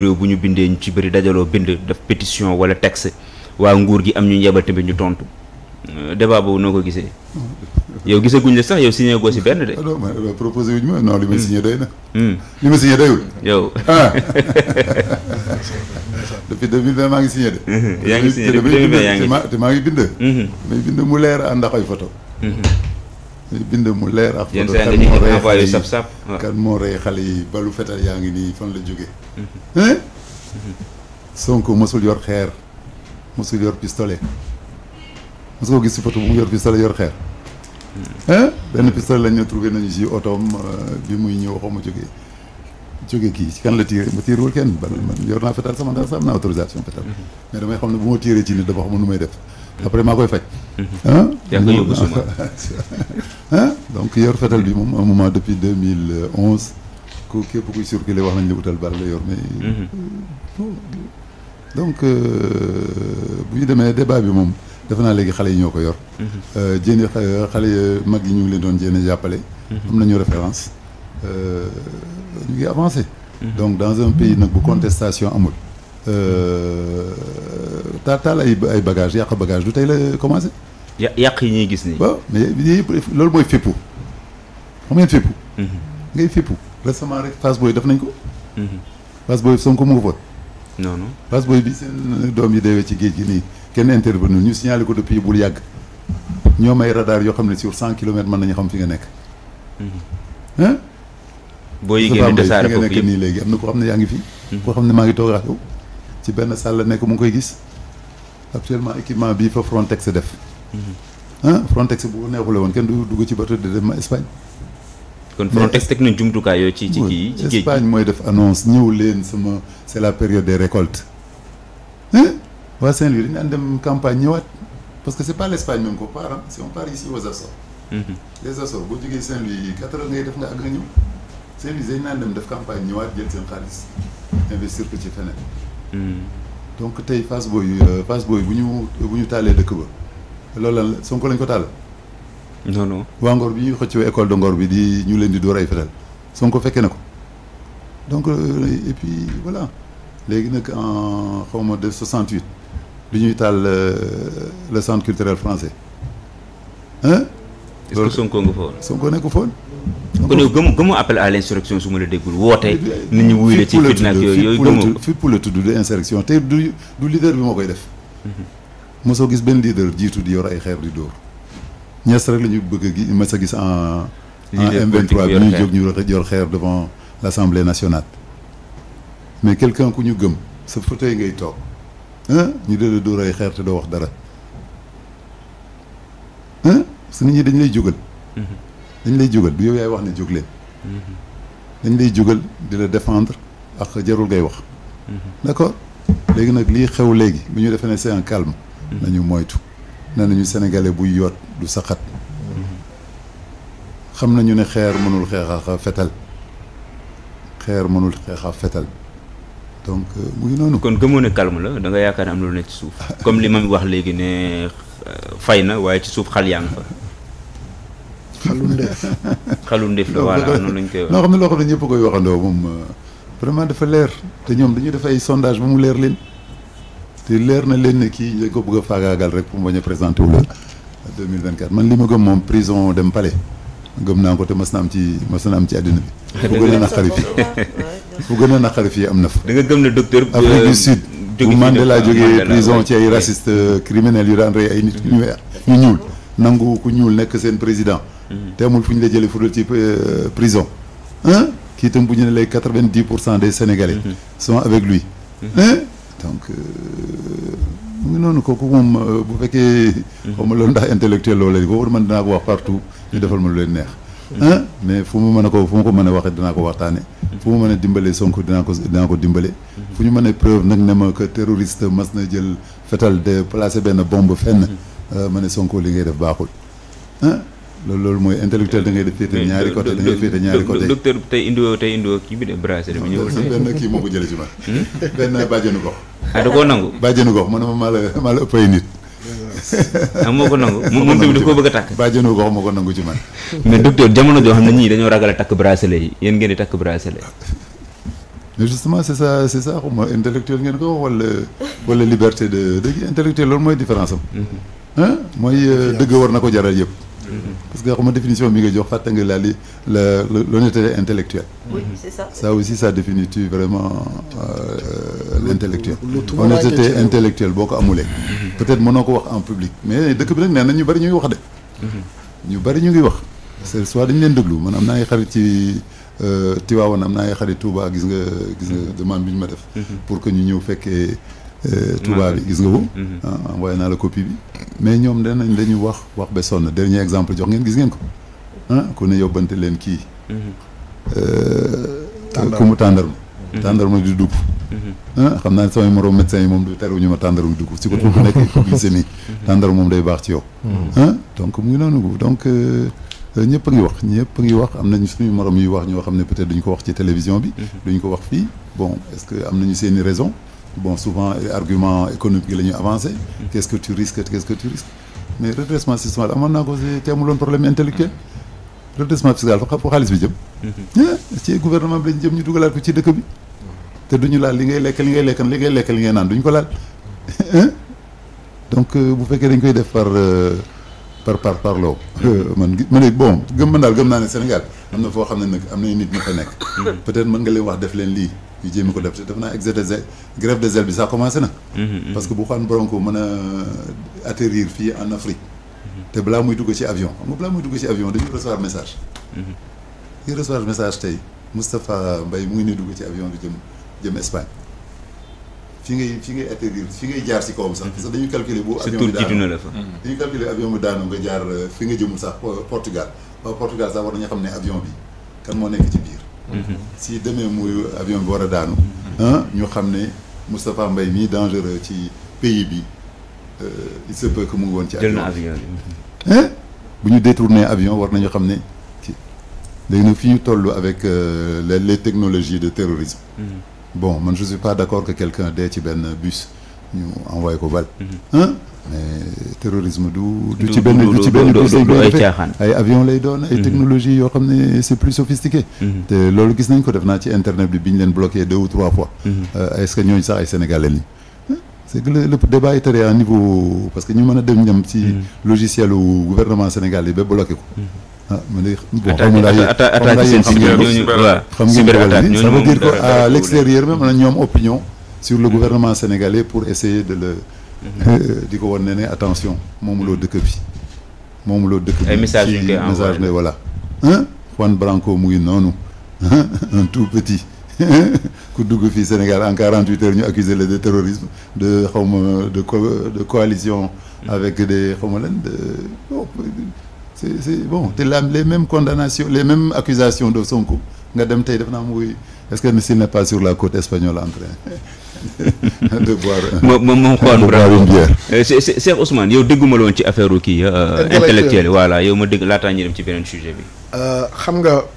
réew bu ñu bindee ñu ci bëri dajaloo bind def pétition wala texte waa nguur gi am ñu yebal tamit ñu tontu euh, débat boobu noo ko gisee. yow gisaguñ la sax yow signé goo si benn de. Ah non man euh, proposé wuñ ma hmm. hmm. ah. maa ngi signé de. Hmm. ngi signé te maa ngi bind. mu leer ànd ak ay bind mu leer ak photo kan moo rey xale yi balu fetal yaa ngi nii fan la jóge mhm. Sonko mosul yor xeer mosul yor pistolet mos ko si photo bu mu yor yor xeer hmm. benn pistolet lañ ne trouvé nañu si otoom euh, bi muy ñëw xaw ma jóge jóge kii ci kan la tiiree ma tiirewul kenn ban man yor naa fetal sama am na autorisation fetal hmm. mais damay xam ne bu ma tiiree ci nit dafa xam nu may def après maa koy faj. Hmm. ah donc yor fetal bi moom un moment depuis 2011 ku képp kuy circuler wax nañ la utal bari la yor mais. Mm-hmm. donc euh, bu ñu demee débat bi moom defe naa léegi xale yi ñoo ko yor. Mm-hmm. Euh, jéem euh, xale mag yi ñu ngi leen doon jéem a jàppale. Mm-hmm. am nañu référence ñu ngi avancé. donc dans un pays nag bu contestation amul. taataal ay ay bagages yàq bagage du tey la commencé. yàq yi ñuy gis nii. waaw mais yëpp loolu mooy fippu xam ngeen fippu. Mm-hmm. ngay fippu récemment rek Fass Boy def nañ ko. Mm-hmm. Fass Boy Sonko mu ko fa. non non Fass bi seen doom yi deewee ci géej gi nii kenn intervenir ñu signalé ko depuis bul yàgg ñoo may radar yoo xam ne sur cent kilomètres man nañu xam fi nga nekk. ah. boo yëgee ñu desaare foofu yëpp nii léegi am na ko xam ne yaa ngi fi. koo xam ne maa ngi toog yow ci benn salle la nekk mu ngi koy gis actuellement équipement bii fa Frontex def. ah Frontex bu ko neexule woon kenn du dugg ci bateau de dem Espagne. kon Frontex teg na jumtukaay yooyu ci ci kii ci géej Espagne mooy def annonce ñëw leen sama c'est la période des récoltes waa Saint-Louis dañu daan dem campagne ñëwaat parce que c'est pas l'Espagne même qu'on si on part ici mhm. boo jógee Saint-Louis ngay def nga ak nga ñëw Saint-Louis dañu daan dem def campagne ñëwaat jël seen xaalis investir ko ci feneen. Mhm. donc tey face booy face booy bu ñu bu ñu taalee dëkk ba. loolu lan la Sonko lañ ko taal. non non waa Ngor bi ñuy xëccoo école de Ngor bi di ñu leen di door ay fetal Sonko fekkee na ko donc euh, et puis léegi nag en xaw ma de 68 du ñuy taal euh, le centre culturel français. hein est-ce que Sonko nga fa woon Sonko nekk fa woon. kon yow gëm gëmu appel la ci fitna ak yooyu yooyu gëmoo tudd de insurrection te du du leader bi moo koy def. Mhm. mosoo gis benn leader jiitu di yor ay xeer di dóor ñes rek la bëgg a gis gis en en M23 bi ñu jóg ñu yor xeer devant l'Assemblée nationale mais quelqu'un ku ñu gëm sa fauteuil ngay toog ñu dëla dóor ay xeer te doo wax dara su nit ñi dañ lay jógal mm-hmm. dañ lay jógal du yow yaay wax ne jóg leen mm-hmm. dañ lay jógal di la défendre ak jarul ngay wax mm-hmm. d'accord léegi nag lii xew léegi bu ñu defee ne c'est un calme nañu moytu nee nañu sénégalais buy yoot du saxat xam na ñu ne xeer mënul xeexaaxa fetal xeer mënul xeexaa fetal donc euh, mu ngi noonu. kon gëmoo ne calme la da nga yaakaar ne am na lu nekk ci suuf comme li ma wax léegi ne euh, fay na waaye ci suuf xal yaa ngi fa. xalundéef xalundéef la voilà noonu lañ koy noo xam ne loo xam ne ñëpp koy waxandoo moom euh, vraiment dafa leer te ñoom dañuy def ay sondage ba mu leer leen. te leer na leen ne kii dañ ko bëgg a faagaagal rek pour mu bañ a présenté wu la 2024 man li ma gëm moom prison dem palais gëm naa ko te mas na am ci mas am ci àddina bi. fu gën a naqari fii fu gën a naqari fii am na fa. da nga gëm ne docteur. Afrique du euh, Sud bu Mandela jógee prison ci ay raciste euh, criminels yu daan rey ay nit ñu ñuul nangu ku ñuul nekk seen président. Mm-hmm. te amul fu ñu la jëlee fudul ci euh, prison. kii itam bu ñu ne lay quatre-vingt-dix pour cent des Sénégalais. Mm-hmm. sont avec lui. Mm-hmm. donc euh, mu ngi noonu kooku moom euh, bu fekkee. Mhm. xaw ma loolu ndax intellectuel loola di ko war man dinaa ko wax partout ñu defal ma lu leen neex. Mhm. mais fu mu mën a ko fu ma ko mën a waxee dinaa ko waxtaane mhm. fu mu mën a dimbalee Sonko dinaa ko dinaa ko dimbale. fu ñu mën a preuve nag ne ma que terroriste mas na jël fetal de placer benn bombe fenn. Euh, ma ne Sonko li ngay def baaxul loolu loolu mooy intellectuel da ngay def féete ñaari côté da ngay féete ñaari côté docteur tey indiwoo tey indiwoo kii bi de brasserie bi ñëwul benn kii moo ko jëlee ci man hmm? benn bàjjenu gox ah da koo nangu bàjjenu gox man ma maa la maa la ëpp ay nit ah moo ko nangu moom tamit daf koo bëgg a takk bàjjenu gox moo ko nangu ci man mais docteur jamono joo xam ne ñii dañoo ragal a takk bracelet yi yéen ngeen di takk bracelet mais justement c'est ça c'est ça xaw ma intellectuel ngeen ko wax wala wala liberté de de intellectuel loolu mooy différence am mhm. mooy euh, dëgg war na ko jaral yëpp parce que xam nga définition bi nga jox fàtte nga laa li la l'honnêteté intellectuelle. oui c'est ça. ça aussi ça définit tu vraiment euh, l'intellectuel. honnêteté intellectuelle boo ko amulee. peut-être mënoo ko wax en public mais dëkk bi nag nee na ñu bari ñuy wax de. Mhm. ñu bari ñu ngi wax. c'est soit dañu leen déglu man am naa ay xarit ci euh, Tivaouane am naa ay xarit Touba gis nga gis nga mhm. demande bi ñu ma def. Mhm. pour que ñu ñëw fekkee. Euh, Touba bi gis nga ko. Mhm. Ah, ah, envoyé naa la copie bi. mais ñoom danañ dañu wax wax ba sonn dernier exemple jox ngeen gis ngeen ko ah ku ne yóbbante leen kii. Mhm. Euh, ku mu tàndarma. Mhm. tàndarma di dugg. Ah, xam naa ne samay morom médecin yi moom ma tàndarma di dugg. si ko ku nekk hypoglycémie. moom day baax ci yow. donc mu ngi noonu donc. Euh, ñëpp ngi wax ñëpp a ngi wax am nañ suñu morom yuy wax ñoo xam ne peut-être duñ ko wax ci télévision bi. duñ ko wax fii bon est-ce que am nañu seeni raison bon souvent argument économique yi la ñuy avancé mm-hmm. qu'est-ce que tu risques qu'est-ce que tu risques mais redressement systématique ko si te amuloon problème intellectuel mm-hmm. redressement fiscal fa xaalis bi jëm mm-hmm. ah, ci gouvernement bi lañ jëm ñu ci dëkk bi te duñu laal li lekk li ngay lekk li ngay lekk li ngay naan duñu ko laal ah. donc euh, bu fekkee dañ koy def par euh, par par parloo man man it bon gëm man daal gëm naa ne Sénégal am na foo xam ne nag am na nit ñu fa nekk peut-être mën nga leen wax def leen lii ñu jéem ko def te defe naa exode de zèle grève de zèle bi ça na. Mm-hmm, mm-hmm. parce que bu Juan Branco mën a atterrir fii en Afrique. te balaa muy dugg ci avion xam nga balaa muy dugg ci avion dañuy recevoir message. Mm-hmm. dañuy message tey Moustapha Mbaye mu ngi nii dugg ci avion bi jëm jëm Espagne fi ngay fi ngay atterrir fi ngay jaar ci kawam sax. parce que dañuy calculer bu avion bi daanu la fa. dañuy calculer avion bi daanu nga jaar euh, fi nga jëmul sax Portugal waaw Portugal sax war nañu xam ne avion bi kan moo nekk ci. Mm-hmm. si demee muy avion bi war a daanu mm-hmm. ah, ñu xam ne Moustapha mbay mii dangereux ci pays bi euh, il se peut que mu ngi woon ci avion bi mm-hmm. bu ñu détourné avion war na nañu xam ne ci léegi fi ñu toll avec euh, les technologies de terrorisme bon man je suis pas d'accord que quelqu'un dee ci benn bus ñu envoyé ko bal. Mhm. mais terrorisme du. du ci benn du ci benn bés. ay caaxaan ay avion lay doon ay mhm. technologie yoo xam ne c'est plus sophistiqué. Mhm. te loolu gis nañ ko def naa ci internet bi bi ñu leen bloqué deux ou trois fois. Euh, est-ce que ñooñu sax ay sénégalais lañu. c'est que le, le débat est à un niveau parce que ñu mën a dem ñam ci logiciel u gouvernement Sénégal yi ba bloqué ko. ah man de bon xam nga attaque attaque seen cyber attaque ñooñu xam ngeen xam ngeen ça veut dire que à l'extérieur même ñoom opinion. sur le gouvernement sénégalais pour essayer de le mhm. euh, di ko won ne ne attention moomuloo dëkk bi moomuloo dëkk bi message message ne voilà Juan Branco mu ngi noonu un tout petit ku dugg fii Sénégal en 48 heures ñu accusé le de terrorisme de xawma de co de coalition mhm. avec des xawma lan c'est bon te la les mêmes condamnations les mêmes accusations de Sonko nga dem tey def naa muy est-ce que s'il n'est pas sur la côte espagnole en train de boire moom moom Juan Branco eh, Cheikh Ousmane yow dégguma loon ci affaire u kii euh, intellectuel voilà yow ma dégg laataa ñuy ci beneen sujet bi euh, xam nga